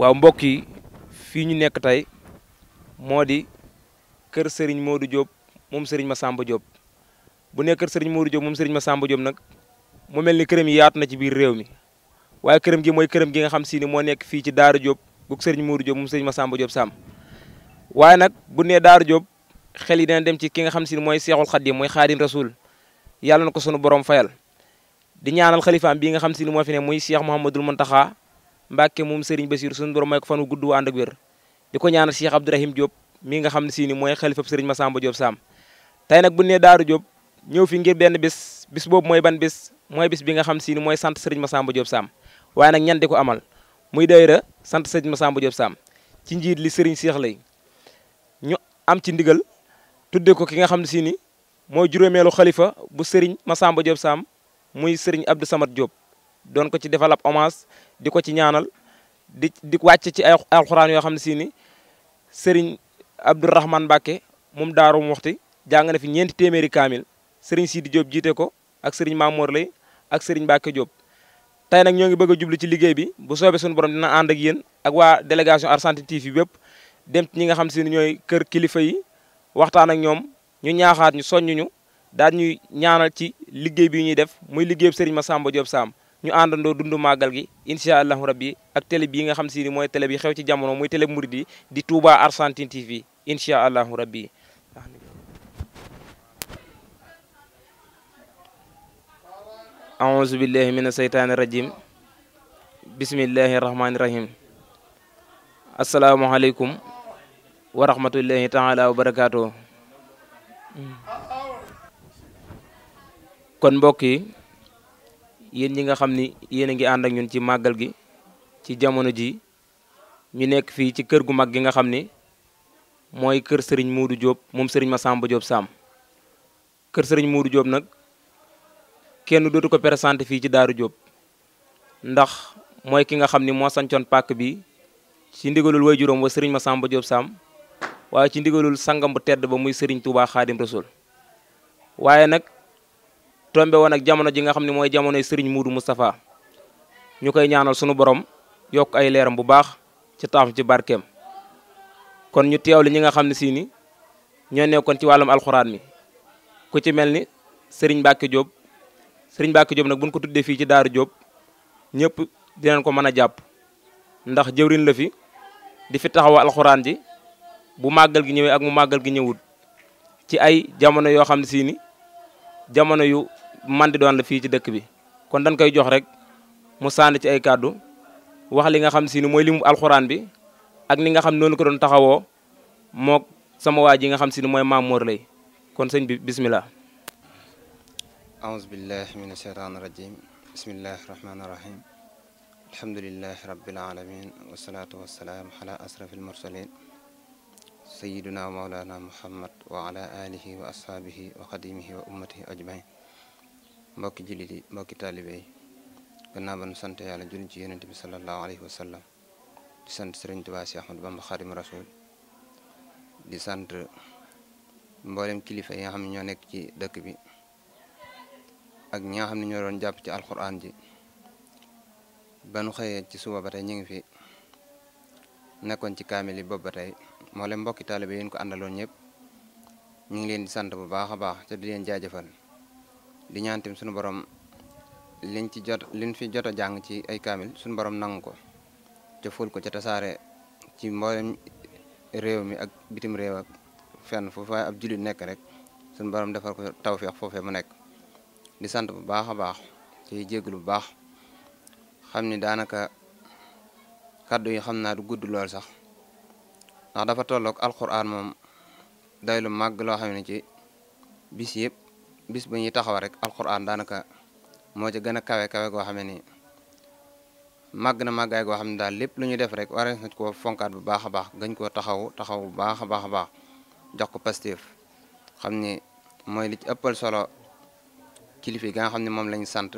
waaw mbokk yi fii ñu nekk tey moo di kër Serigne Modou Diop moom Serigne Massamba Diop bu nekk kër Serigne Modou Diop moom Serigne Massamba Diop nag mu mel ni këram yi yaatu na ci biir réew mi waaye këram gi mooy këram gi nga xam si ni moo nekk fii ci Daara Diop bu Serigne Modou Diop moom ma sàmba Diop Sam waaye nag bu nee Daara Diop xel yi dana dem ci ki nga xam si ni mooy Seexul Xaddim mooy Xaadim Rasul yàlla na ko sunu borom fayal di ñaanal xalifaam bii nga xam si ni moo fi ne muy Cheikh Mouhamadul Mountakha Mbacke moom Serigne Bassirou suñu borom may ko fanu gudd ànd ak wér di ko ñaanal Cheikh Abdourahim Diop mi nga xam ne si ni mooy xalifab Serigne Massamba Diop Sam tey nag bu nee Daaru Diop ñëw fi ngir benn bis bis boobu mooy ban bis mooy bis bi nga xam si ni mooy sant Serigne Massamba Diop Sam waaye nag ñan di ko amal muy daayira sant Serigne Massamba Diop Sam ci njiit li Serigne Cheikh lay ñu am ci ndigal tuddee ko ki nga xam ne si ni mooy juróomeelu xalifa bu ma Massamba Diop Sam muy Serigne Abdou Samad Diop doon ci defal ab hommage di ko ci ñaanal di di wàcc ci ay alxuraan yoo xam ne si ni sëriñ Abdourahman Mbacke moom daaru Muxti jàng fi ñeenti téeméeri kaamil sëriñ Sidi Diop jiite ko ak sëriñ Mamour lay ak sëriñ Mbacke Diop. tey nag ñoo ngi bëgg a jublu ci liggéey bi bu soobee suñu borom dina ànd ak yéen ak waa délégation Argentine TV bépp dem ci ñi nga xam si ni ñooy kër kilifa yi waxtaan ak ñoom ñu ñaaxaat ñu soññuñu ñu daal ñuy ñaanal ci liggéey bi ñuy def muy liggéey Sëriñ Massamba Diop Sam ñu àndandoo dund màggal gi incha allahu rabbi ak télé bii nga xam si mooy télé bi xew ci jamono muy télé bi yi di Touba Argentine TV incha allahu rabbi aouzu billahi min aseytaani rajim bismillahi rahmaani rahim asalaamualeykum wa rahmatullahi taala wa kon mbokk yi yéen yi nga xam ni yéen a ngi ànd ak ñun ci màggal gi ci jamono ji ñu nekk fii ci kër gu mag gi nga xam ni mooy kër sëriñ Muudu Jóob moom sëriñ ma sàmba Jóob Saam kër sëriñ Muudu Jóob nag kenn dootu ko présenté fii ci Daaru Jóob ndax mooy ki nga xam ni moo sancoon pàkk bi ci ndigalul way juróom wa sëriñ Masamba Jóob Saam waaye ci ndigalul sangam bu tedd ba muy sëriñ Tuubaa Xaadim Rasuul waaye nag tombe woon ak jamono ji nga xam ne mooy jamonoy Serigne Moudou Moustapha ñu koy ñaanal sunu borom yokk ay leeram bu baax ci taaf ci barkeem kon ñu teewli ñi nga xam ne sii ni ñoo nekkoon ci wàllum alxuraan mi ku ci mel ni sëriñ Mbacke Diop sëriñ Mbacke Diop nag buñ ko tuddee fii ci Daaru Diop ñëpp dinañ ko mën a jàpp ndax jëwriñ la fi di fi taxaw alxuraan ji bu màggal gi ñëwee ak mu màggal gi ñëwut ci ay jamono yoo xam ne sii ni yu man di doon la fii ci dëkk bi kon dañ koy jox rek mu sànni ci ay kàddu wax li nga xam si ni mooy limu alxuraan bi ak ni nga xam noonu ko doon taxawoo moo sama waa ji nga xam si ni mooy maam Mor lay kon sëñ bi bismillah aousubillahi min asheytaan irajim bismillahi rahmaani rahim alhamdulilahi rabbil alamin wasalaatu wasalaam ala asraf almursalin sayiduna wa maulana muhammad wa ala wa ashaabihi wa qadimihi wa ummatihi ajmain mbokki jullit yi mbokki taalibe yi gannaaw ba nu sant yàlla julli ci yonent bi sallallahu alayhi wa sallam sant sëriñ Tuubaa si Ahmadu Bamba Xaadimu di sant mboolem kilifa yi nga xam ne ñoo nekk ci dëkk bi ak ñi nga xam ñoo doon jàpp ci alxuraan ji ba nu xëyee ci suba ba tey ñu ngi fi nekkoon ci kaamil yi boobu ba tey mboolem mbokki taalibe yi ñu ko àndaloon ñëpp ñu ngi leen di sant bu baax a baax te di leen jaajëfal. di ñaan tamit suñu borom liñ ci jot liñ fi jot a jàng ci ay kaamil suñu borom nangu ko ca ful ko ca tasaare ci mboolem réew mi ak bitim réew ak fenn foofu ab jullit nekk rek suñu borom defar ko tawféex foofee mu nekk di sant bu baax a baax ci jégalu bu baax xam ni daanaka kàddu yi xam naa du gudd lool sax ndax dafa tollook tolloog alxuraan moom day lu màgg loo xam ne ci bis yëpp. bis bu ñuy taxaw rek alquran daanaka moo ci gën a kawe kawe goo xam ne nii màgg na màggaay goo xam ne daal lépp lu ñu def rek war na koo fonkaat bu baax a baax gën koo taxaw taxaw bu baax a baax a baax jox ko Pastef xam ni mooy li ci ëppal solo kilifa yi nga xam ne moom lañ sant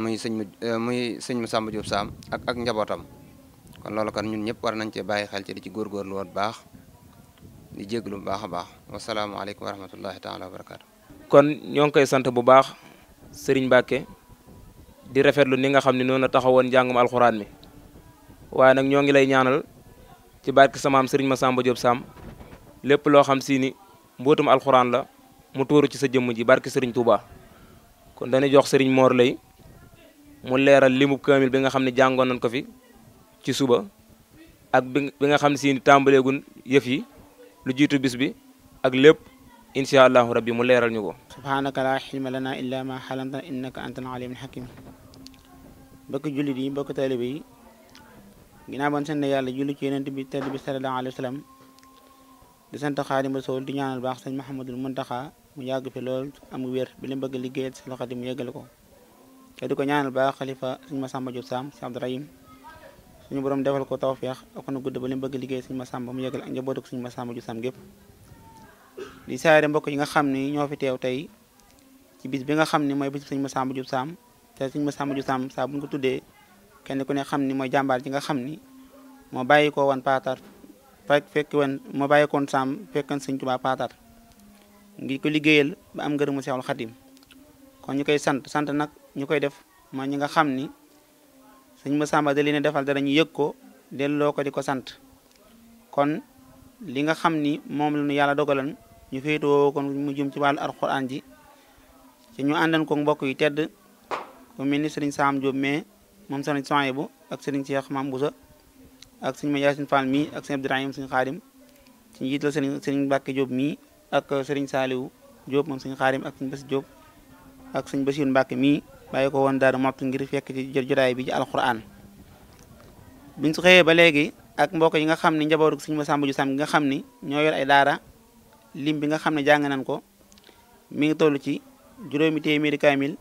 muy sëñ euh, muy sëñ mu Samba Diop Sam ak ak njabootam kon loolu kan ñun ñëpp war nañ cee bàyyi xel ci di ci góorgóorlu woon baax di jéglu bu baax a baax wasalaamualeykum wa rahmatullahi taala wa barakaatu. kon ñoo ngi koy sant bu baax sëriñ Mbàkke di rafetlu ni nga xam ne noonu la taxawoon njàngum alxuraan mi waaye nag ñoo ngi lay ñaanal ci barke samaam sëriñ Masamba Diop Sam lépp loo xam si ni mbootum alxuraan la mu tuuru ci sa jëmm ji barke sëriñ Touba kon dañuy jox sëriñ moor lay mu leeral limub kaamil bi nga xam ne jàngoon nañ ko fi ci suba ak bi nga xam ne si tàmbaleegun yëf yi lu jiitu bis bi ak lépp incha allahu rabbi mu leeral ñu ko subhaanaka laa xilma lana illaa ma xalamtana innaka antal alimul hakim mbokki jullit yi mbokki taalibe yi ginnaaw ban sant yàlla julli ci yonent bi tedd bi sallallahu alayhi wa sallam di sant Xaadimu Rasuul di ñaanal baax sëñ Mahamadul Muntaxa mu yàgg fi lool am wér bi leen bëgg liggéeyal si loxo di mu yëgale ko te di ko ñaanal baax xalifa sëñ Masamba Jóob Saam si Abdurahim suñu borom defal ko tawfeex ak nu gudd ba leen bëgg liggéey ma Masamba mu yëgal a njabootu sëñ Masamba Jóob Saam di saare mbokk yi nga xam ni ñoo fi teew tey ci bis bi nga xam ni mooy bis sëñ ma Massamba Diop Sam te sëñ Massamba Diop Sam saa bu ko tuddee kenn ku ne xam ni mooy jàmbaar ji nga xam ni moo bàyyi ko woon paatar fekk woon moo bàyyi koon Sam fekkoon sëñ Tuubaa ngi ko liggéeyal ba am ngërëmu Seexul Xadim kon ñu koy sant sant nag ñu koy def mooy ñi nga xam ni sëñ ma Massamba da leen defal dara ñu yëg ko delloo ko di ko sant kon li nga xam ni moom la ñu yàlla dogalan ñu féetewoo kon mu jëm ci wàllu alxuraan ji ci ñu àndan ko mbokk yu tedd ku mel ni sëriñ Saam Jóob mais moom sëriñ Sohaybu ak sëriñ Cheikh Maam Busa ak sëriñ ma Yaasin Fall mii ak sëriñ Abdourahim sëriñ Xaadim Jóob mii ak sëriñ Saaliwu Jóob moom sëriñ Xaadim ak sëriñ Basi Jóob ak sëriñ Basiiru Mbàkke mii bàyyi ko woon Daaru Muxti ngir fekk ci jotaay bi ci alxuraan biñ su xëyee ba léegi ak mbokk yi nga xam ni njabootu sëriñ Masamba ju Sam nga xam ni ñoo yor ay daara lim bi nga xam ne jàng nañ ko mi ngi toll ci juróomi téeméeri kaamil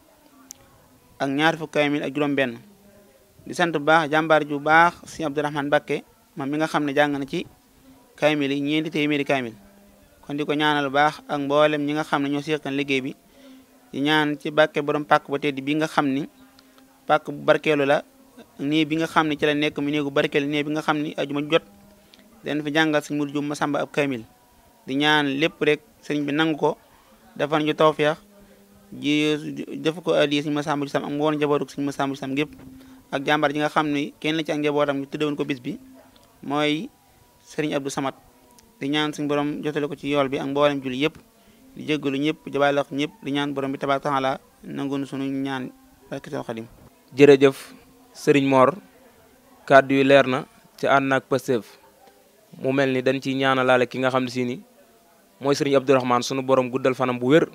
ak ñaar fukk kaamil ak juróom-benn di sant bu baax jàmbaar ju baax si Abdourahmane Bakke moom mi nga xam ne jàng na ci kaamil yi ñeenti téeméeri kaamil kon di ko ñaanal bu baax ak mboolem ñi nga xam ne ñoo seqan liggéey bi ñaan ci Bakke borom pàkk ba tedd bi nga xam ni pàkk bu barkeelu la nii bi nga xam ne ci la nekk mu néegu barkeelu nii bi nga xam ni aju ma jot den fi jàngal si mur ju ma sàmba ab kaamil di ñaan lépp rek sëriñ bi nangu ko defal ñu tawfeex ji def ko addiya sëriñ Masamba Sam ak mboolem njabootu sëriñ Masamba Sam gépp ak jàmbaar ji nga xam ni kenn la ci ak njabootam ñu tuddewoon ko bis bi mooy sëriñ Abdou Samad di ñaan suñu borom jotale ko ci yool bi ak mboolem julli yëpp di jéggalu ñëpp di bàyyi ñëpp di ñaan borom bi tabaaraka taala nangu sunu ñaan barke xadim jërëjëf sëriñ Mor kàddu yu leer na ci ànd ak Pastef mu mel ni dañ ciy ñaanalaale ki nga xam ne si ni mooy sëriñ Abdourahmane sunu borom guddal fanam bu wér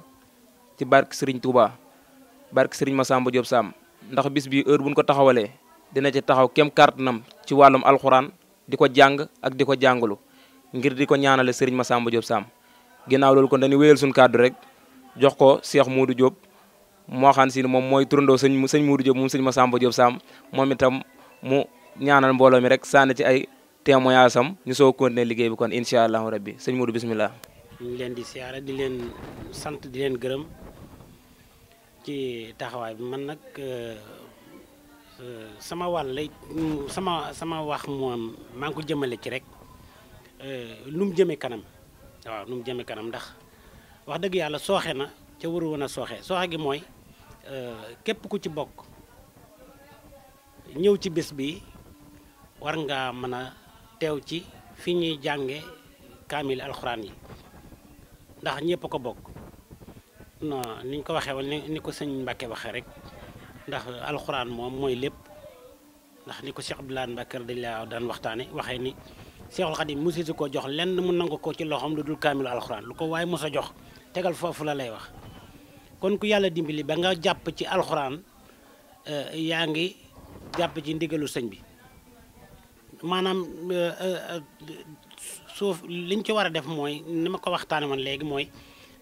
ci barke sëriñ bark barke ma samba Diop Sam ndax bis bi heure buñ ko taxawalee dina ci taxaw kem kàttanam ci wàllum alxuraan di ko jàng ak di ko jàngalu ngir di ko ñaanale sëriñ samba Diop Sam ginnaaw loolu kon dañuy wéyal suñu kàddu rek jox ko Cheikh Modou Diop moo xaan si ne moom mooy turandoo sëñ sëñ Modou Diop moom sëñ samba Diop Sam moom itam mu ñaanal mbooloo mi rek sànni ci ay témoignage am ñu soo continuer liggéey bi kon incha allahu rabbi sëñ Modou bismillah ñu leen di siyaare di leen sant di leen gërëm ci taxawaay bi man nag euh, euh, sama wàll sama sama wax moom maa ngi ko jëmale ci rek euh, nu mu jëmee kanam waaw nu mu jëmee kanam ndax wax dëgg yàlla sooxe na ca waru woon a sooxe sooxe gi mooy képp ku ci bokk ñëw ci bés bi war ngaa mën a teew ci fi ñuy jànge kaamil alxuraan yi ndax ñëpp ko bokk non ni ñu ko waxee wala ni ko sëñ Mbacke waxee rek ndax alxuraan moom mooy lépp ndax ni ko Cheikh Abdoulaye Mbacke dañ laa daan waxtaane waxee ni Cheikhul Khadim musi si ko jox lenn mu nangu ko ci loxoom lu dul kaamilu alxuraan lu ko waaye mos a jox tegal foofu la lay wax kon ku yàlla dimbali ba nga jàpp ci alxuraan eh, yaa ngi jàpp ci ndigalu sëñ bi maanaam eh, eh, suuf liñ ci war a def mooy ni ma ko waxtaane woon léegi mooy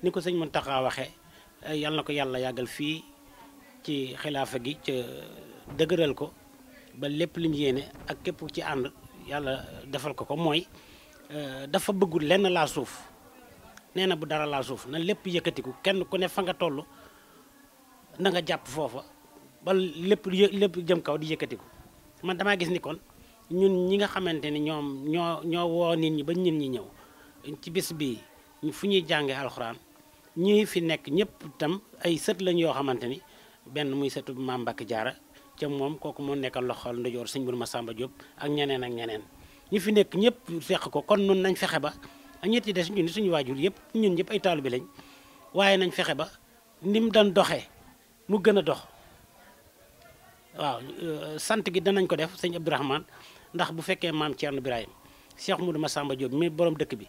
ni ko sëñ Mountakha waxee eh, yal na ko yàlla yàggal fii ci xilaafa gi ca dëgëral ko ba lépp lim yéene ak képp ci ànd yàlla defal ko ko mooy eh, dafa bëggul lenn laa suuf nee na bu dara laa suuf na lépp yëkkatiku kenn ku ne fa nga toll na jàpp foofa ba lépp lépp jëm kaw di yëkkatiku man damaa gis ni kon ñun ñi nga xamante ni ñoom ñoo ñoo woo nit ñi ba nit ñi ñëw ci bis bi fu ñuy jàngee alxuraan ñi fi nekk ñëpp tam ay sët lañ yoo xamante ni benn muy sëtu Maam Mbacke Diarra ca moom kooku moo nekkal loxol ndejoor sëñ ma sàmba Diop ak ñeneen ak ñeneen ñi fi nekk ñëpp feq ko kon nun nañ fexe ba ak yi des ñun suñu waajur yëpp ñun ñëpp ay bi lañ waaye nañ fexe ba ni mu doon doxe mu gën a dox waaw sant gi danañ ko def sëñ Abdourahmane ndax bu fekkee maam Thierno Birahim Cheikh Moudou Massamba Diop mi boroom dëkk bi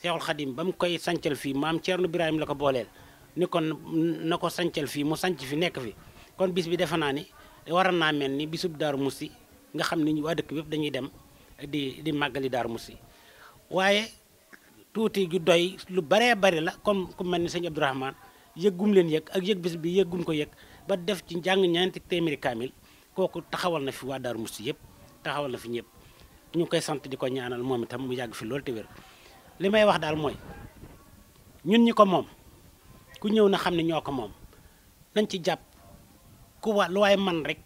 Cheikhul Khadim ba mu koy sancal fii maam Thierno Birahim la ko booleel ni kon na ko sancal fii mu sanc fi nekk fi kon bis bi defe naa ni waroon naa mel ni bisub Daaru Musti nga xam ni waa dëkk bépp dañuy dem di di màggali Daaru Musti waaye tuuti ju doy lu baree bari la comme ku mel ni sëñ Abdourahmane yëggum leen yëg ak yëg bis bi yëggum ko yëg ba def ci njàng ñeenti téeméeri kooku taxawal na fi waa Daaru Musti yëpp taxawal la fi ñëpp ñu koy sant di ko ñaanal moom itam mu yàgg fi loolu te wér li may wax daal mooy ñun ñi ko moom ku ñëw na xam ne ñoo ko moom nañ ci jàpp ku wa lu waay man rek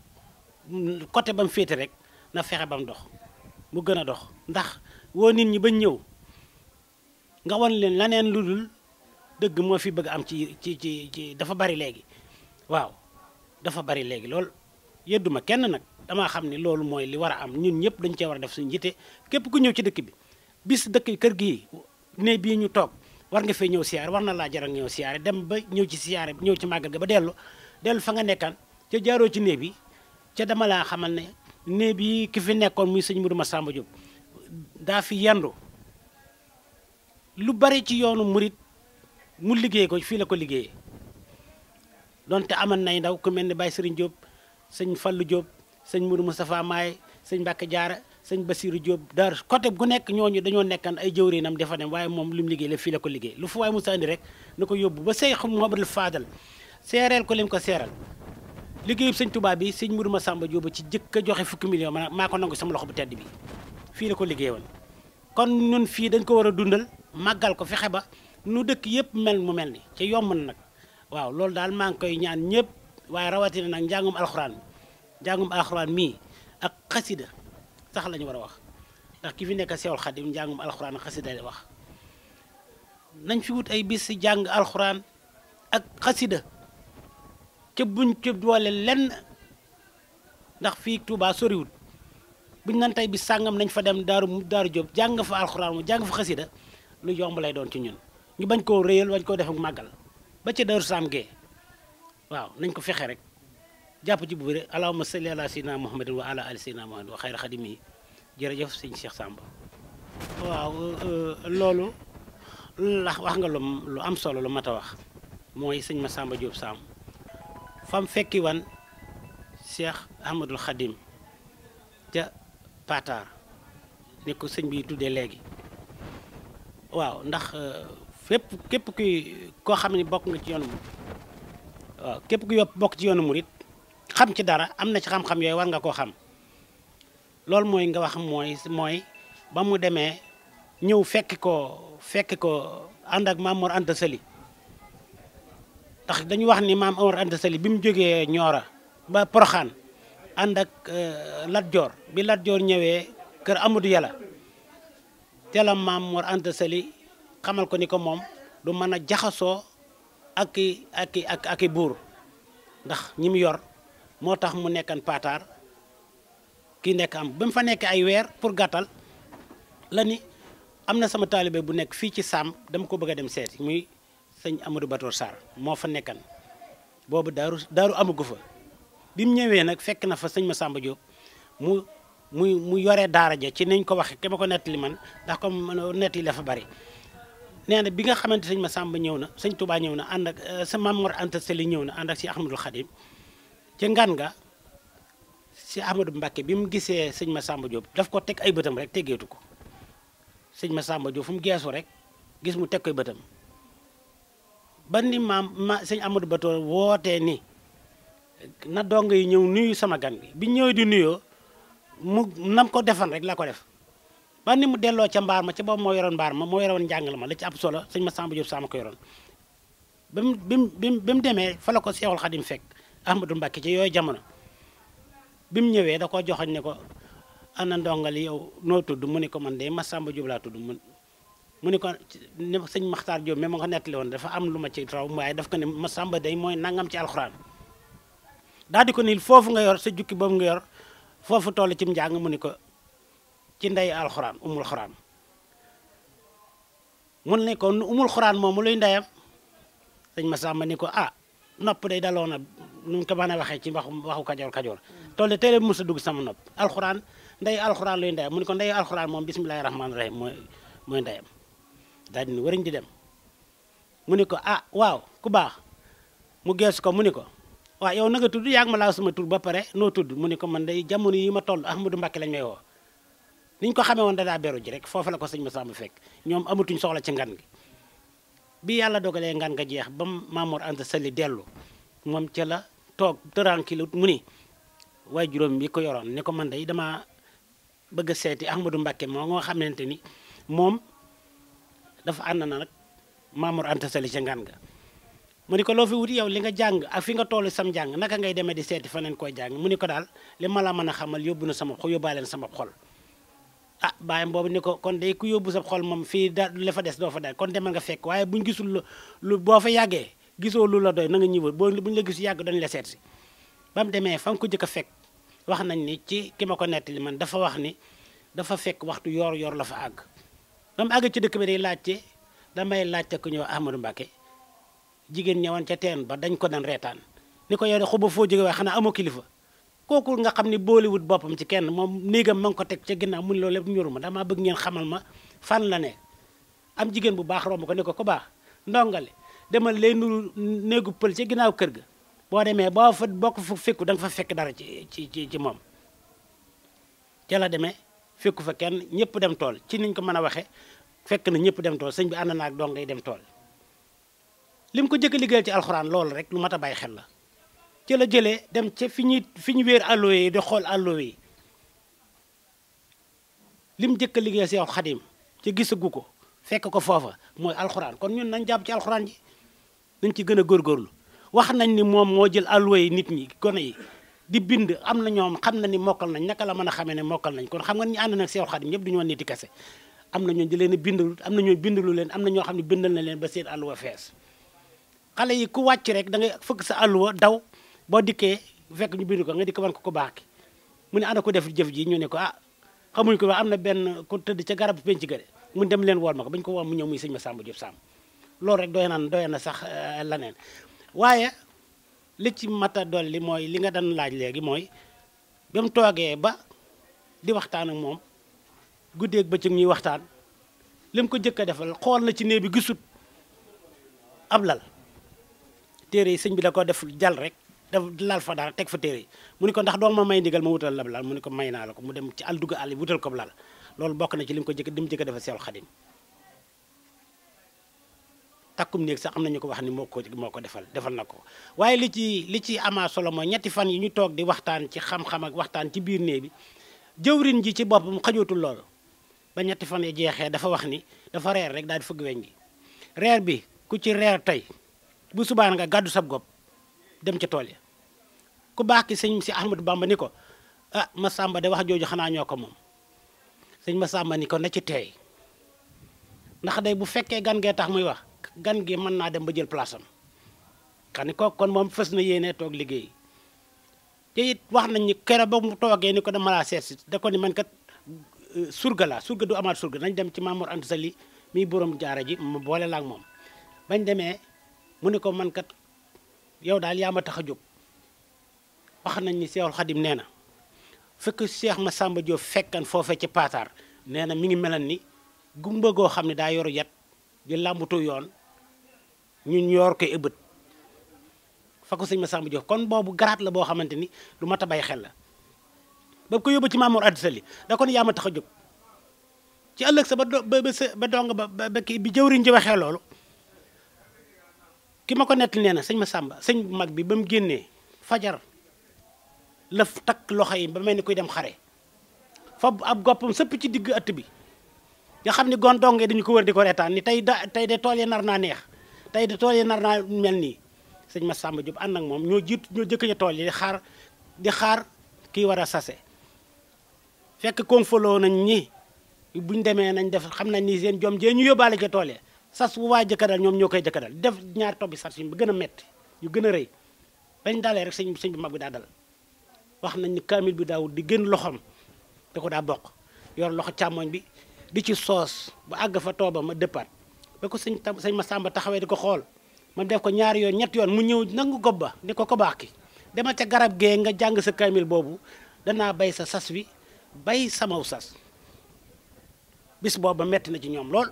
côté ba mu féete rek na fexe ba mu dox mu gën a dox ndax woo nit ñi ba ñëw nga won leen laneen lu dul dëgg moo fi bëgg am ci ci ci ci dafa bari léegi waaw dafa bari léegi lool yëdduma kenn nag damaa xam ni loolu mooy li war a am ñun ñëpp dañ cee war a def suñu jite képp ku ñëw ci dëkk bi bis dëkk kër gii ne bii ñu toog war nga fee ñëw siyaare war na laa jaral ñëw siyaare dem ba ñëw ci siyaare ñëw ci màggal ga ba dellu dellu fa nga nekkaan ca jaaroo ci néeg bi ca dama laa xamal ne néeg yi ki fi nekkoon muy sëñ Mourou Massamba Diop daa fi yendu lu bari ci yoonu murit mu liggéey ko fii la ko liggéeyee donte aman nay ndaw ku mel ni Baye Serigne Diop sëñ Fallou Diop sëñ Mourou Moustapha Maay sëñ Mbacke Diarra sëñ Basirou jóob Dar côté gu nekk ñooñu dañoo nekkaan ay jëwriñam defa dem waaye moom li mu liggéey la fii la ko liggéey lu fa waaye Moussa indi rek na ko yóbbu ba Seex Mouhamadul Fadal seereel ko lim ko seeral liggéeyub sëñ Touba bi sëñ Mourou Massamba Diop ci jëkk a joxe fukki million ma maa ko nangu sama loxo bu tedd bi fii la ko liggéey woon kon ñun fii dañ ko war a dundal màggal ko fexe ba nu dëkk yëpp mel mu mel ni ci yomb na nag waaw loolu daal maa ngi koy ñaan ñëpp waaye rawatina nag njàngum alxuraan njàngum alxuraan mii ak xasida sax lañu war a wax ndax ki fi nekk Seexul Xadim njàngum alxuraan ak xasida wax nañ fi wut ay bis si jàng alxuraan ak xasida ca buñ ca doole lenn ndax fii tuubaa soriwut buñ nan tey bi sàngam nañ fa dem daaru daaru Jóob jàng fa alxuraan mu jàng fa xasida lu yomb lay doon ci ñun ñu bañ koo réyal bañ koo def ak màggal ba ca daaru Saam gee waaw nañ ko fexe rek jàpp ci bu bëri allahumma salli ala sayyidina muhammadin wa ala ali sayyidina muhammadin wa xayra xadim yi jërëjëf sëñ Cheikh Samba waaw euh, loolu la wax nga lu lu am solo lu mat a wax mooy sëñ sàmba jóob Sam fam fekki wan Cheikh Ahmadul Xadim ca Patar ne ko sëñ bi tuddee léegi waaw ndax euh, fépp képp ki koo xam ne bokk nga ci yoonu waaw képp kuy bokk ci yoonu murit xam ci dara am na ci xam-xam yooyu war nga koo xam loolu mooy nga wax mooy mooy ba mu demee ñëw fekki ko fekki ko ànd ak maam Mor Anta Sali ndax dañu wax ni maam Mor Anta Sali bi mu jógee Ñoora ba Poroxaan ànd ak euh, Lat Joor bi Lat Joor ñëwee kër Amadou Yàlla telam maam Mor Anta Sali xamal ko ni ko moom du mën a jaxasoo ak i ak ak i buur ndax ñi mu yor moo tax mu nekkan paataar kii nekk am ba mu fa nekkee ay weer pour gàttal la ni am na sama taalibe bu nekk fii ci Sàmm dama ko bëgg a dem seeti muy sëñ Amadou Batoor Sarr moo fa nekkan boobu daaru daaru amagu fa bi mu ñëwee nag fekk na fa sëñ sàmba Diop mu muy mu yore daara ja ci niñ ko waxee ke ma ko nettali man ndax comme nettali dafa bari nee na bi nga xamante ma sàmba ñëw na sëñ Touba ñëw na ànd ak euh, sa Maam Mor Anta ñëw na ànd ak si Ahmadul Xadim ca ngan nga si Amadou Mbacke bi mu gisee sëñ ma sàmba Diop daf ko teg ay bëtam rek teggeetu ko sëñ Massamba Diop fu mu geesu rek gis mu teg koy bëtam ba ni maam ma sëñ Amadou Batoor wootee ni na dong yi ñëw nuyu sama gan bi ñëwee di nuyoo mu nam ko defan rek laa ko def ba ni mu delloo ca mbaar ma ca boobu moo yoroon mbaar ma moo yoroon njàngal ma la ci ab solo sëñ Massamba Diop sama ko yoroon ba mu bi mu bi mu demee fa la ko Seexul mu fekk Ahmadou Mbacke ci yooyu jamono bi mu ñëwee da ko joxoñ ne ko ana ndongal yow noo tudd mu ne ko man de Massamba Diop laa tudd mu mu ne ko ne sëñ Makhtar Diop mais ma woon dafa am lu ma ci raw waaye daf ko ne Massamba day mooy nangam ci alxuraan ko ni foofu nga yor sa jukki boobu nga yor foofu toll ci njàng mu ne ko ci ndey alxuraan umul xuraan mun ne ko umul xuraan moom mu luy ndeyam sëñ Massamba ni ko ah nopp day daloon nu ko mën a waxee ci waxu waxu kajoor kajoor tool teel a mos dugg sama nopp alxuraan ndey alxuraan luy ndeyam mu ne ko ndey alxuraan moom bisimilahi rahmaani rahim mooy mooy ndeyam daal di wëriñ di dem mu ne ko ah, waaw ku baax mu geesu ko mu ne ko waaw yow na nga tudd yaa ngi ma laa sama tur ba pare noo tudd mu ne ko man day jamono yi ma toll Ahmadou Mbacké lañ may woo ni ko xamee woon dadaa beru ji rek foofu la ko sëñ Massamba fekk ñoom amatuñ soxla ci ngan gi bi yàlla dogalee ngan nga jeex ba Mamour Anta Sali dellu moom ca la toog tranquille mu ni waaye juróom bi ko yoroon ne ko man day dama bëgg a seeti Ahmadou Mbacké moo nga xamante ni moom dafa ànd na nag Mamour Anta Sali ca ngaan ga mu ni ko loo fi wuti yow li nga jàng ak fi nga toll sam jàng naka ngay deme di seeti faneen koy jàng mu ni ko daal li ma la mën a xamal yóbbu na sama xol yóbbaaleen sama xol ah bàyyam boobu ni ko kon day ku yóbbu sa xol moom fii da la des doo fa daal kon demal nga fekk waaye buñ gisul lu boo fa yàggee gisoo lu la doy nanga nga ñëw boo bu ñu la gis yàgg dañ la seet si ba mu demee fa nga ko jëkk a fekk wax nañ ni ci ki ma ko nettali man dafa wax ni dafa fekk waxtu yoor yoor la fa àgg ba mu àgg ci dëkk bi day laajte damay laajte ku ñëw Ahmadou Mbacké jigéen ñëwoon ca teen ba dañ ko doon reetaan ni ko yore xuba foo jóge waaye xanaa amoo kilifa kooku nga xam ne boolewut boppam ci kenn moom néegam ma ngi ko teg ca ginnaaw mun loolu lépp ñoruma damaa bëgg ngeen xamal ma fan la ne am jigéen bu baax romb ko ni ko ko baax ndongale demal leen nuru néegu pël ci ginnaaw kër ga boo demee boo fa bokk fu fekku danga fa fekk dara ci ci ci moom ca la demee fekku fa kenn ñëpp dem tool ci niñ ko mën a waxee fekk na ñëpp dem tool sëñ bi ànd naag dong ngay dem tool lim ko jëkk liggéeyal ci alxuraan loolu rek lu mat a bàyyi xel la ci la jëlee dem ca fi ñuy fi ñu wér allo yi di xool allo yi lim jëkk liggéeyal si yow xadim ci gisagu ko fekk ko foofa mooy alxuraan kon ñun nañ jàpp ci alxuraan ji dañ ci gën a góorgóorlu wax nañ ni moom moo jël alluwa yi nit ñi gone yi di bind am na ñoom xam na ni mokkal nañ naka la mën a xamee ne mokkal nañ kon xam nga ñu ànd nag Seexul Xaadim ñëpp du ñu woon niti kese am na ñoo di leen bindalu am na ñoo bindalu am na ñoo xam ne bindal na leen ba seen alluwa fees xale yi ku wàcc rek da ngay fëgg sa alluwa daw boo dikkee fekk ñu bind ko nga dikk wan ko ko baax mu ne ana ko def jëf ji ñu ne ko ah xamuñ ko ba am na benn ku tëdd ca garab penc ga de mu dem leen wool ma ko bañ ko wool mu ñëw muy sëñ ma Samba Diop Samb loolu rek doy na doy na sax eh, laneen waaye li ci mat a dolli mooy li nga dan laaj léegi mooy ba mu toogee ba di waxtaan ak moom ba bëccëg ñuy waxtaan lim ko jëkk defal xool na ci néeg bi gisut ab lal téere yi sëñ bi da ko def jal rek daf lal fa a teg fa téere yi mu ni ko ndax doo ma may ndigal ma wutal ab lal mu ni ko may naa la ko mu dem ci al dugg àll bi wutal ko lal loolu bokk na ci li lim ko jëkk dim jëkk a defal Seexul Xadim takkum néeg sax am nañu ko wax ni moo ko moo ko defal defal na ko waaye li ci li ci amaa solo mooy ñetti fan yi ñu toog di waxtaan ci xam-xam ak waxtaan ci biir néeg bi jëwrin ji ci bopp mu xajootul loolu ba ñetti fan yi jeexee dafa wax ni dafa reer rek daal di fëgg weñ gi reer bi ku ci reer tey bu subaan nga gàddu sab gopp dem ci tool yi ku baax ki sëñ si Ahmadou Bamba ni ko ah sàmba de wax jooju xanaa ñoo ko moom sëñ Massamba ni ko na ci teey ndax day bu fekkee gan gee muy wax gan gi mën naa dem ba jël place am xam ni kooku kon moom fës na yéene toog liggéey te it wax nañ ni kero ba mu toogee ni ko dama laa seet si da ko ni mankat kat euh, surga laa surga du amaat surga nañ dem ci Mamour Anta Sali miy borom jaare ji mu boole la ak moom bañ demee mu ne ko mankat yow daal yaa ma tax a jóg wax nañ ni Seexul Xadim nee na fekk Seex Masamba Jóob fekkan foofe ci paatar nee na mi ngi melan ni gumba goo xam ne daa yoru yat di làmbutu yoon ñun yoor koy ëbbët fa ko sëñ Massamba Diop kon boobu garaat la boo xamante ni lu mat a bàyyi xel la ba ko yóbbu ci Mamour Addi Sali da kon yaa ma tax a jóg ci ëllëg sa ba dong ba ba kii bi jëwriñ ji waxee loolu ki ma ko nettali nee na sëñ sàmba sëñ bu mag bi ba mu génnee fajar la takk loxo yi ba mel ni kuy dem xare fa ab goppam sëpp ci digg ëtt bi nga xam ni gondonge dañu ko war di ko reetaan ni tey da tey de tool yi nar naa neex tey de tool yi nar naa mel nii sëñ Massamba Diop ànd ak moom ñoo jiitu ñoo jëkk ñu tool yi di xaar di xaar kii war a sase fekk konfaloo nañ ñi buñ demee nañ def xam na ni seen jom jee ñu yóbbaale ca tool yi sas bu waa jëkkëral ñoom ñoo koy jëkkëral def ñaar tobi sas yi gën a metti yu gën a rëy bañ dalee rek sëñ sëñ bi mag bi daa dal wax nañ ni kaamil bi daawul di gën loxoom da ko daa bokk yor loxo càmmoñ bi di ci soos bu àgg fa tooba ma dëppaat ba ko sëñ tam ma sàmba taxawee di ko xool ma def ko ñaari yoon ñetti yoon mu ñëw nangu gob ba ni ko ko baax ki demal ca garab gee nga jàng sa kaamil boobu danaa bay sa sas wi bay samaw sas bis boobu metti na ci ñoom lool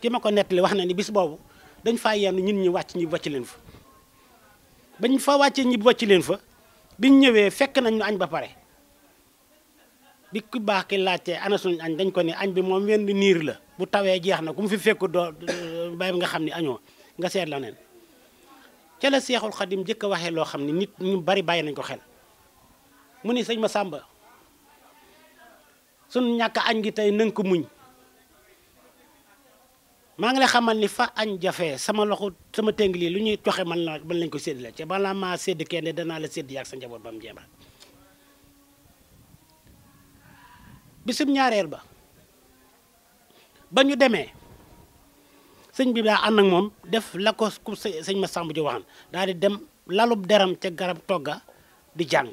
ki ma ko nettali wax na ni bis boobu dañ fa yenn ñun ñi wàcc ñi wàcc leen fa bañ fa wàccee ñi wàcc leen fa biñ ñëwee fekk nañ ñu añ ba pare bi ku baax ki laajte ana suñu añ dañ ko ne añ bi moom wenn niir la bu tawee jeex na ku mu fi fekku doo bàyyi nga xam ne añoo nga seet la neen ca la seexul xadim jëkk a waxee loo xam ne nit ñu bari bàyyi nañ ko xel mu ni sañ ma sàmba suñu ñàkk añ gi tey nanga ko muñ maa ngi lay xamal ni fa añ jafe sama loxo sama téng lii lu ñuy joxe man la man lañ ko séddale ca balaa maa sédd kenn danaa la sédd yaag sa njaboot ba mu jeex bisub ñaareel ba ba ñu demee sëñ bi daa ànd ak moom def la ko ku ma sàmb ji waxan daal dem lalub deram ca garab togga di jàng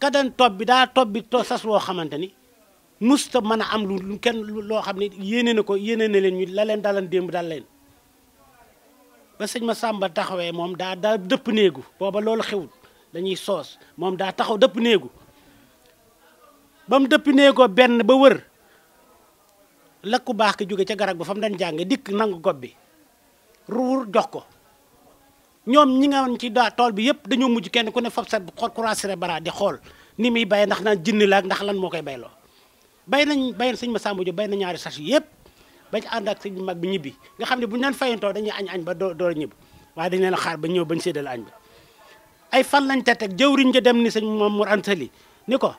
kadan toob bi daa toob bi to sas woo xamante ni musta man a am lu kenn loo xam ne yéene na ko yéene na leen ñu la leen dalan démb dal leen ba sëñ ma sàmba taxawee moom daa daa dëpp néegu booba loolu xewut dañuy soos moom daa taxaw dëpp néegu ba mu dëppinee ko benn ba wër la ku baax ki jóge ca garab ba fa mu dañ jànge dikk nangu gopp bi ruur jox ko ñoom ñi nga ci daa tool bi yëpp dañoo mujj kenn ku ne fab sa xor croisé baraa di xool ni muy bay ndax naan jinn la ak ndax lan moo koy bayloo bay nañ bay sëñ Massamba Diop bay na ñaari sas yëpp ba ci ànd ak sëñ mag bi ñibbi nga xam ne bu ñu daan fayantoo dañuy añ añ ba doo doo ñibb waaye dañ leen xaar ba ñëw bañ séddale añ ba ay fan lañ te teg jëwriñ ja dem ni sëñ moom Mor Anta Sali ni ko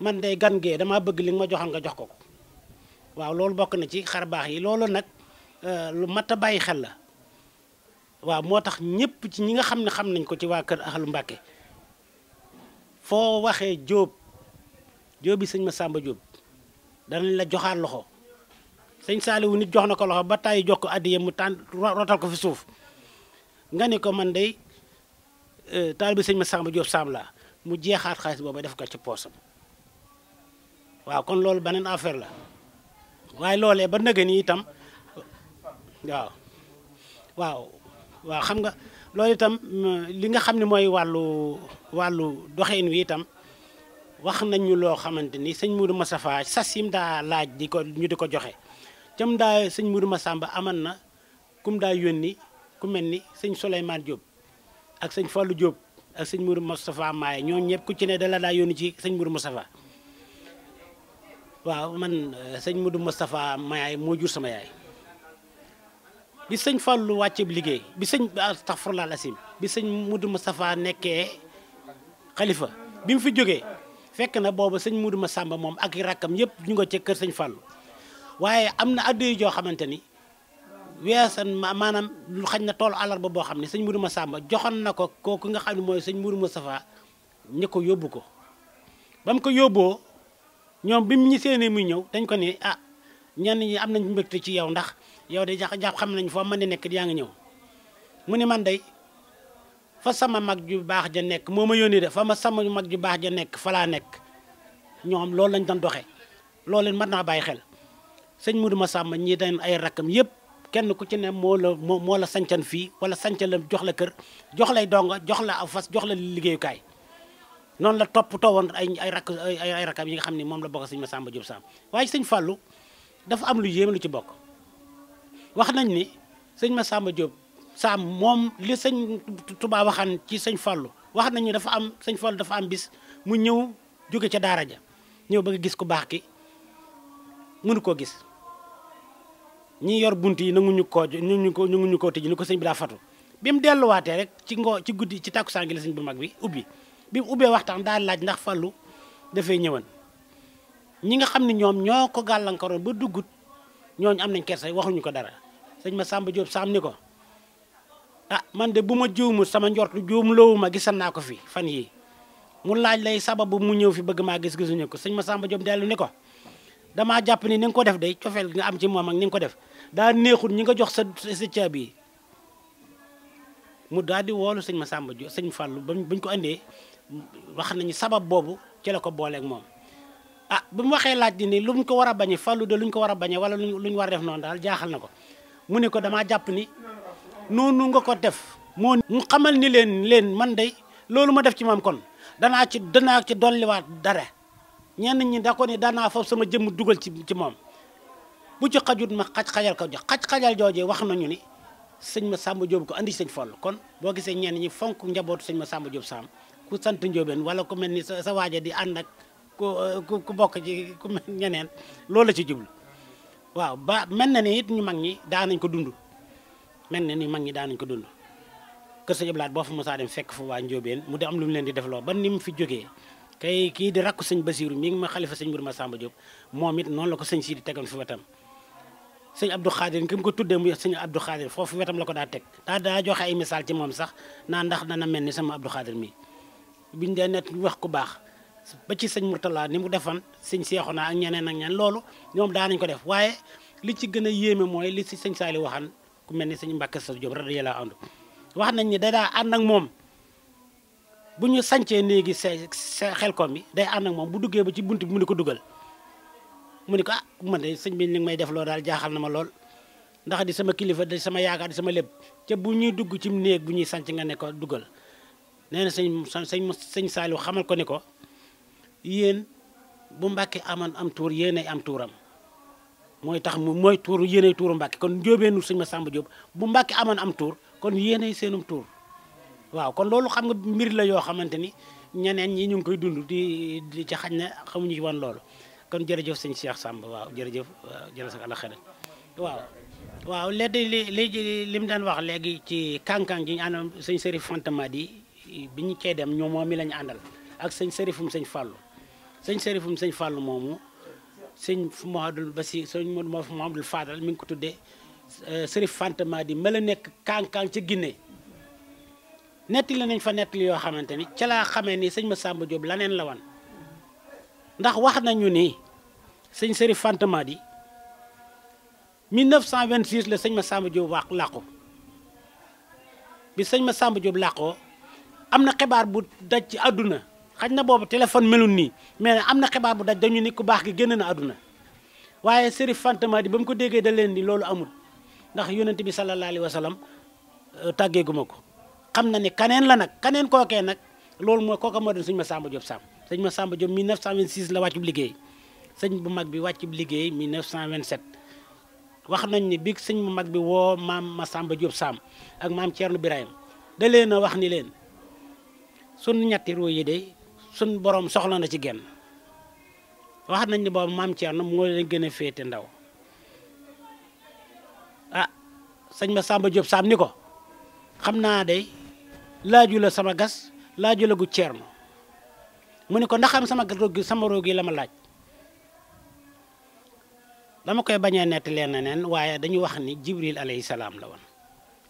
man day gan gee damaa bëgg li nga ma joxal nga jox ko ko waaw loolu bokk na ci xar baax yi loolu nag euh, lu mat a bàyyi xel la waaw moo tax ñépp ci ñi nga xam ne xam nañ ko ci waa kër Axlu Mbàkke foo waxee jóob jóob bi sëñ ma sàmba jóob danañ la joxaat loxo sëñ saaliwu nit jox na ko loxo ba tàyyi jox ko addiye mu tàn rotal ko fi suuf nga ne ko man dey euh, taal bi sëñ ma sàmba jóob saam laa mu jeexaat xaalis booba def ko ci poosam waaw kon loolu beneen affaire la waaye loole ba nëgën itam waaw waaw xam nga loolu itam li nga xam ne mooy wàllu wàllu doxin wi itam wax nañ ñu loo xamante ni sëñ Mourou Moustapha sas yim daa laaj di ko ñu di ko joxe jëm daa sëñ Mourou Massamba aman na kum daa yónni ku ni sëñ Souleymane Diop ak sëñ Fallou Diop ak sëñ Mourou ñoo ñëpp ku ci ne da la daa yónni ci sëñ Mourou Moustapha waaw man eh, sëñ Modou Moustapha Mayaay moo jur sama yaay bi sëñ Fallou wàcceeb liggéey bi sëñ astaghfirullah alasim bi sëñ Modou Moustapha nekkee xalifa bi mu fi jógee fekk na booba sëñ Modou Massamba moom ak i rakkam yëpp ñu nga ca kër sëñ Fallou waaye am na addiya joo xamante ni weesan maanaam lu xañ na toolu ba boo xam ne sëñ Modou Massamba joxoon na ko kooku nga xam ne mooy sëñ Modou Moustapha ñi ko yóbbu ko ba ko yóbboo ñoom bi mu ñu séenee muy ñëw dañ ko nii ah ñenn ñi am nañ mbégte ci yow ndax yow de jàpp xam nañ foo man di nekk yaa ngi ñëw mu ne man dey fa sama mag ju baax ja nekk moo ma yónni de fa ma sama mag ju baax ja nekk falaa laa nekk ñoom loolu lañ doon doxee loolu leen mën naa bàyyi xel sëñ Modou Massamba ñi dañ ay rakkam yëpp kenn ku ci ne moo la moo la sancan fii wala sancan la jox la kër jox lay donga jox la aw fas jox la liggéeyukaay noonu la toppatoo woon ay ay rakk ay ay rakkam yi nga xam ni moom la bokk sëñ Masamba Diop Samb waaye sëñ Fallou dafa am lu yéeme lu ci bokk wax nañ ni sëñ ma Masamba Diop Samb moom li sëñ Touba ci sëñ Fallou wax nañ ni dafa am sëñ Fallou dafa am bis mu ñëw jóge ca daara ja ñëw bëgg gis ku baax ki mënu koo gis ñi yor bunt yi na koo ñu ko nanguñu koo tëj ni ko sëñ bi daa fatu bi mu delluwaatee rek ci ngoo ci guddi ci tàkkusaan gi la sëñ bu mag bi ubbi bi mu ubbee waxtaan daal laaj ndax Fallou dafay ñëwan ñi nga xam ne ñoom ñoo ko gàllankooroon ba duggut ñooñ am nañ kersa waxuñu ko dara sëñ ma sàmba Diop saam ni ko ah man de bu ma jiwmu sama njortu jiwum loowu ma gisan naa ko fi fan yii mu laaj lay sababu mu ñëw fi bëgg maa gis gisuñu ko sëñ ma Samba Diop dellu ni ko damaa jàpp ni ni nga ko def day cofeel nga am ci moom ak ni ko def daa neexul ñi nga jox sa sa caabi mu daal di woolu sëñ ma Samba Diop sëñ Fallou bañ ko andee wax nañu sabab boobu ci la ko booleek moom. ah bi mu waxee laaj di ni lu mu ko war a bañee fallu de lu ñu ko war a bañee wala lu ñu war a def noonu daal jaaxal na ko mu ne ko damaa jàpp ni noonu nga ko def. moo mu xamal ni leen leen man day loolu ma def ci moom kon danaa ci danaa ci dolliwaat dara ñenn ñi da ko ni danaa foofu sama jëmm dugal ci ci moom bu ci xajut ma xaj xajal ko jox xaj xajal joojee wax nañu ni sëñ ma Samba Diop ko indi sëñ fol kon boo gisee ñenn ñi fonk njabootu sëñ ma Samba Diop Samb. ku sant Ndiobène walla ku mel ni sa sa waaja di ànd ak ku ku bokk ci ku mel ñeneen loolu la ci jublu waaw ba mel na ni it ñu mag ñi daanañ ko dund mel na ni mag ñi daanañ ko dund kër Sëñ Abdou boo fa mosaa dem fekk fa waa Ndiobène mu de am lu leen di def loo ba ni mu fi jógee kay kii di rakku sëñ Basiiru mi ngi ma xalifa sëñ ma Masamba Diop moom it noonu la ko sëñ si di tegoon fi wetam sëñ Abdou Khadir ki mu ko tuddee mu sëñ Abdou Khadir foofu wetam la ko daa teg daa daa joxe ay ci moom sax naa dana mel ni sama Abdou Khadir biñ dee net wax ku baax ba ci sëñ Mourtala ni mu defoon sëñ Seexuna ak ñeneen ak ñeneen loolu ñoom daanañ ko def waaye li ci gën a yéeme mooy li si sëñ Saali waxan ku mel ni sëñ Mbàkke Sa Jóob radiyallaahu anhu wax nañ ni dadaa ànd moom bu ñu sancee néegi see Xelkom bi day ànd ak moom bu duggee ba ci bunt bi mu ni ko dugal mu ni ko ah man de sëñ bi ni may def loolu daal jaaxal na ma lool ndax di sama kilifa di sama yaakaar di sama lépp te bu ñuy dugg ci néeg bu ñuy sanc nga ne dugal nee na sëñ sëñ sëñ Saliou xamal ko ni ko yéen bu Mbàkke amoon am tuur yéenay am tuuram mooy tax mu mooy tuur yéenay tuuru Mbàkke kon njóobeenu sëñ Masamba Jóob bu Mbàkke amoon am tuur kon yéenay seenum tuur waaw kon loolu xam nga mbir la yoo xamante ni ñeneen ñi ñu ngi koy dund di di ci xañ ne xamuñu ci woon loolu kon jërëjëf sëñ Cheikh Samb waaw jërëjëf jërëjëf ala waaw. waaw li li daan wax léegi ci kànkang ji ñu àndoon sëñ Serif Fantamadi bi ñu cee dem ñoo moom mi la ñu àndal ak sëñ sërifum sëñ fàllu sëñ sërifum sëñ fàllu moomu sëñ Mouhamadoul Bassi sëñ Mouhamadoul Fadal mi ngi ko tuddee euh, sërif fantama di mala nekk kànkàn ca Guinée nettali nañ fa nettali yoo xamante ni ca laa xamee ni sëñ Massamba Diop laneen la wan ndax wax nañu ni sëñ sërif fantama di 1926 la sëñ Massamba Diop wax làqu bi sëñ Massamba Diop làqoo am na xibaar bu daj ci àdduna xaj na boobu téléphone melul nii mais am na xibaar bu daj dañu ni ku baax gi génn na àdduna waaye Serif Fantama di ba mu ko déggee da leen di loolu amul ndax yonent bi sallallahu alayhi wa sallam euh, tàggeeguma ko xam na ni kaneen la nag kaneen kookee nag loolu mooy kooka moo doon sëñ Massamba Diop Samb sëñ Massamba Diop 1926 la wàccub liggéey sëñ bu mag bi wàccub liggéey 1927 wax nañ ni bi sëñ bu mag bi woo maam Massamba Diop Samb ak maam Thierno Birahim da leen a wax ni leen sunu ñetti ruu yi de suñ boroom soxla na ci genn wax nañ ni boobu maam na moo la gën a féete ndaw ah sëñ ma Samba Diop Sam ni ko xam naa de laaju la sama gas laaju la gu Thierno mu ne ko ndax am sama roog sama roog yi la ma laaj dama koy bañ a nett leen neneen waaye dañu wax ni Jibril alayhi salaam la woon.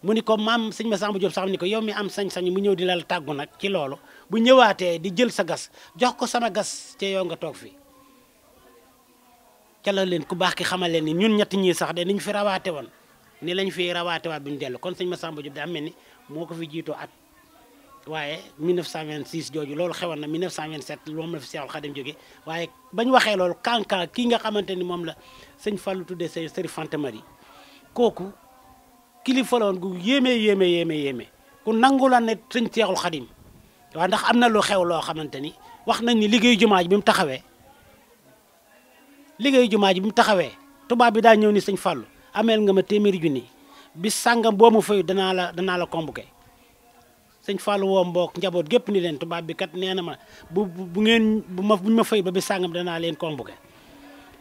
mu ni ko maam sëñ Massamba Diop sax ni ko yow mi am sañ-sañu mu ñëw di la tàggu nag ci loolu bu ñëwaatee di jël sa gas jox ko sama gas ci yow nga toog fii ca la leen ku baax ki xamal leen ni ñun ñett ñii sax de niñ fi rawaate woon ni lañ fi rawaate bu ñu dellu kon ma Massamba Diop daa mel ni moo ko fi jiitoo at waaye 1926 jooju loolu xewoon na 1927 moom la fi Seexul Xadim jóge waaye bañ waxee loolu kankan kii nga xamante ni moom la sëñ Fallou tuddee sëriñ Fanta Marie kooku kilifa la woon gu yéeme yéeme yéeme yéeme ku nangu la ne sëñ Seexul Xadim waaw ndax am na lu xew loo xamante ni wax nañ ni liggéeyu jumaa ji bi mu taxawee liggéeyu jumaa ji bi mu taxawee tubaab bi daa ñëw ni sañ Fallou ameel nga ma téeméeri junni bi sàngam boo ma fayu danaa la danaa la convoqué sëñ Fallou woo mbook njaboot gépp ni leen tubaab bi kat nee na ma bu bu ngeen ma buñ ba bi sàngam danaa leen convoqué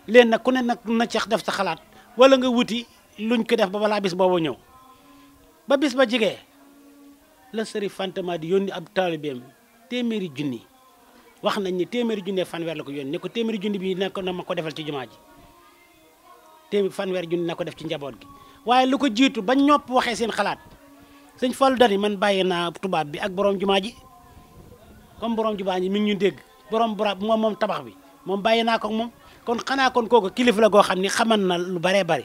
leen nag ku ne nag na ceex def sa xalaat wala nga wuti luñ ko def ba balaa bis boobu ñëw ba bis ba jigee la sëri Fantama di yonni ab taalibeem téeméeri junni wax nañ ni téeméeri junni fanweer la ko yónni ne ko téeméeri junni bi ne ko na ma ko defal ci jumaa ji téeméer fanweer junni na ko def ci njaboot gi waaye lu ko jiitu ba ñopp waxee seen xalaat sëñ Fallou dani man bàyyi naa tubaab bi ak borom jumaa ji comme borom jumaa ji mi ngi ñu dégg borom borom moom moom tabax bi moom bàyyi naa ko moom kon xanaa kon kooku kilifa la goo xam ni xaman na lu bare bari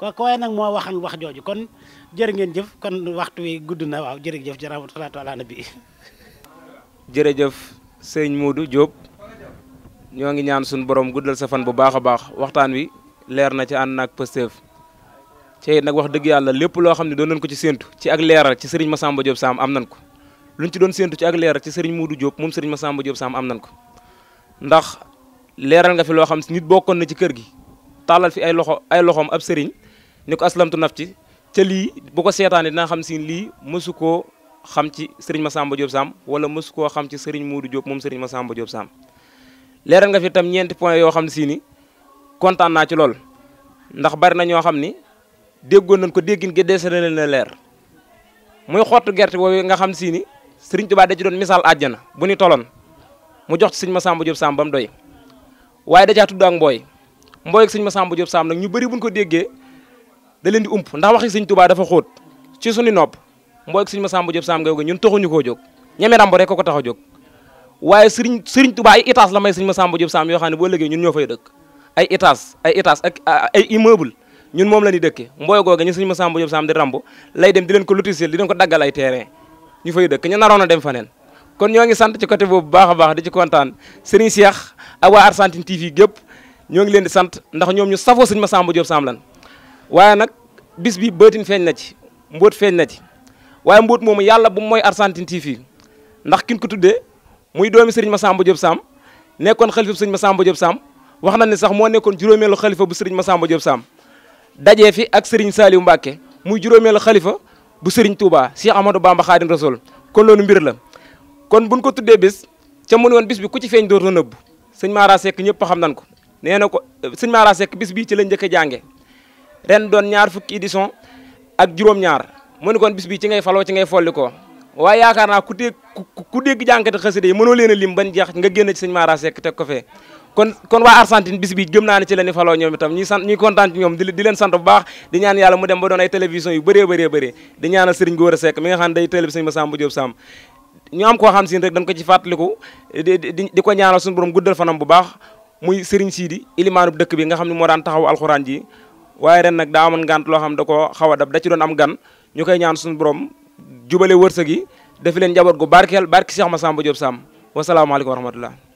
ko ko waaye nag moo waxan wax jooju kon jërë ngeen jëf kon waxtu wi gudd na waaw jërëjëf jërëjëf salaatu ala nabi jërëjëf sëñ Modou Diop ñoo ngi ñaan suñu borom guddal safan bu baax a baax waxtaan wi leer na ci ànd naag Pastef ci nag wax dëgg yàlla lépp loo xam ne doon nañ ko ci séentu ci ak leeral ci sëriñ Massamba Diop Sam am nañ ko luñ ci doon séentu ci ak leeral ci sëriñ Modou Diop moom sëriñ Massamba Diop Sam am nañ ko ndax leeral nga fi loo xam nit bokkoon na ci kër gi tàllal fi ay loxo ay loxoom ab sëriñ ni ko aslamtu ci ca lii bu ko seetaanee dinaa xam si lii mësu koo xam ci sëriñ Massamba Diop Sam wala mësu koo xam ci sëriñ Modou Diop moom sëriñ Massamba Diop Sam leeral nga fi tam ñeenti point yoo xam ne si ni kontaan naa ci lool ndax bari na ñoo xam ni déggoon nañ ko déggin gi dese na leen leer muy xottu gerte boobu nga xam si ni sëriñ Tuubaa da ci doon misaal àjjana bu ni toloon mu jox ci sëriñ Massamba Diop Sam doy waaye da caa tudd ak mbooy mbooy ak sëriñ Massamba Diop Sam nag ñu bëri buñ ko déggee da leen di ump ndax waxi sëñ tubaa dafa xóot ci suñu nopp mbooy ak sëñ Masamba Jóob Sam Ngewge ñun taxuñu koo jóg ñeme rambo rek ko ko tax a waaye sëriñ sëriñ Tuubaa ay étage la may sëñ Masamba Jóob Sam yoo xam ne boo léegi ñun ñoo fay dëkk ay étage ay étage ak ñun moom la ñuy dëkke mbooy googe ñu sëñ Masamba Jóob Sam di rambo lay dem di leen ko lotisel di leen ko daggal ay terrain ñu fay dëkk ñu naroon a dem faneen kon ñoo ngi sant ci côté boobu baax a baax di ci kontaan sëriñ Cheikh ak waa Argentine TV gépp ñoo ngi leen di sant ndax ñoom ñu safoo sëñ Masamba Jóob Sam lan waaye nag bis bi bëtin feeñ na ci mbóot feeñ na ci waaye mbóot moomu yàlla bu mooy Argentine TV ndax kin ko tuddee muy doomi sëriñ Massamba Diop Sam nekkoon xalifa bu sëriñ Massamba Diop Sam wax na ne sax moo nekkoon juróomeelu xalifa bu sëriñ Massamba Diop Sam dajee fi ak sëriñ Saliou Mbacke muy juróomeelu xalifa bu sëriñ Touba Cheikh Amadou Bamba Khadim Rasoul kon loolu mbir la kon buñ ko tuddee bis ca mu ne bis bi ku ci feeñ dootoo nëbb sëñ Mara Seck ñëpp xam nan ko nee na ko sëñ Mara Seck bis bii ci la njëkk a jànge ren doon ñaar fukki édition ak juróom-ñaar mu ne kon bis bi ci ngay faloo ci ngay folli ko waaye yaakaar naa ku dégg ku dégg jànkati xasida yi mënoo leen a lim ban nga génn ci sëñ Mara Seck teg ko fee kon kon waa Argentine bis bi gëm naa ci la faloo ñoom itam ñuy sant ñuy kontaan ci ñoom di di leen sant bu baax di ñaan yàlla mu dem ba doon ay télévision yu bëree bëree bëree di ñaanal Serigne Gora Seck mi nga xam day télé bi sëñ Massamba Diop Samb ñu am koo xam si rek ko ci fàttaliku di di ko ñaanal suñu borom guddal fanam bu baax muy Serigne Sidi ilimaanub dëkk bi nga xam ne moo daan taxaw alxuraan ji waaye ren nag daa amoon ngànt loo xam da ko xaw a dab da ci doon am gan ñu koy ñaan suñu borom jubale wërsëg yi def leen njaboot gu barkeel barki Cheikh Massamba Diop Sam wasalaamaaleykum wa rahmatullah